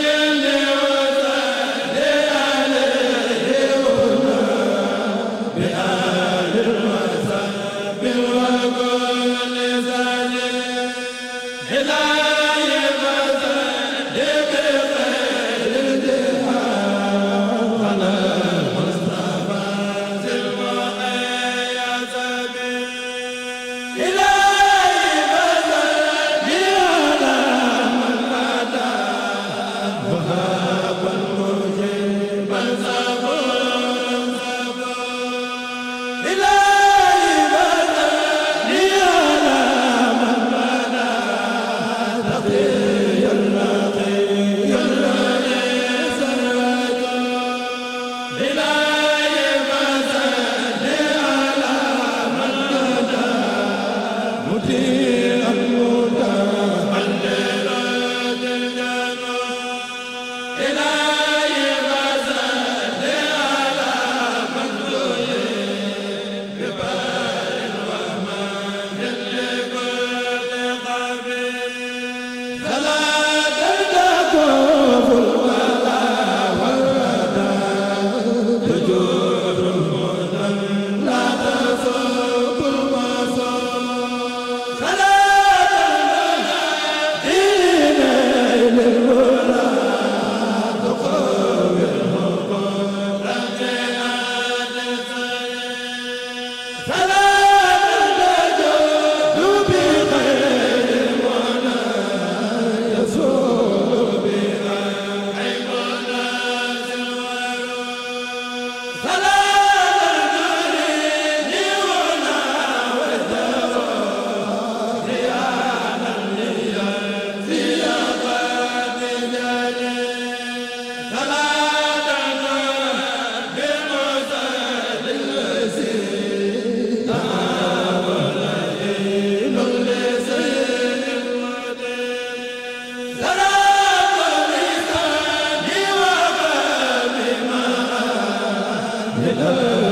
la la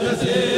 jëse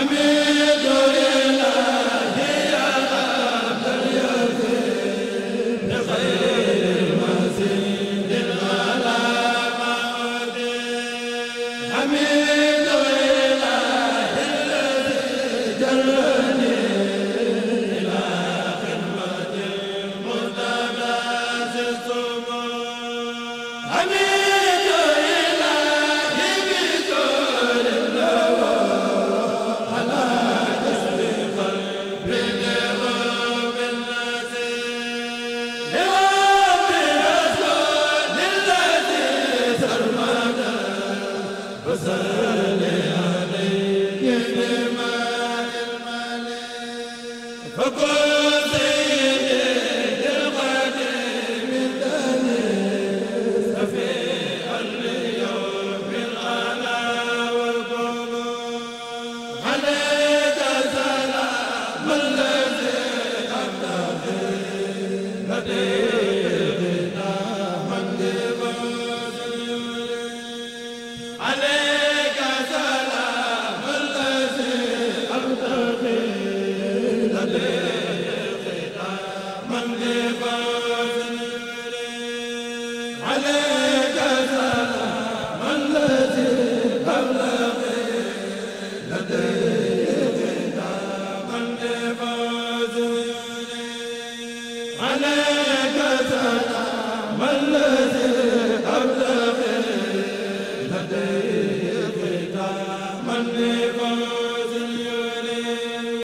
amiin akbar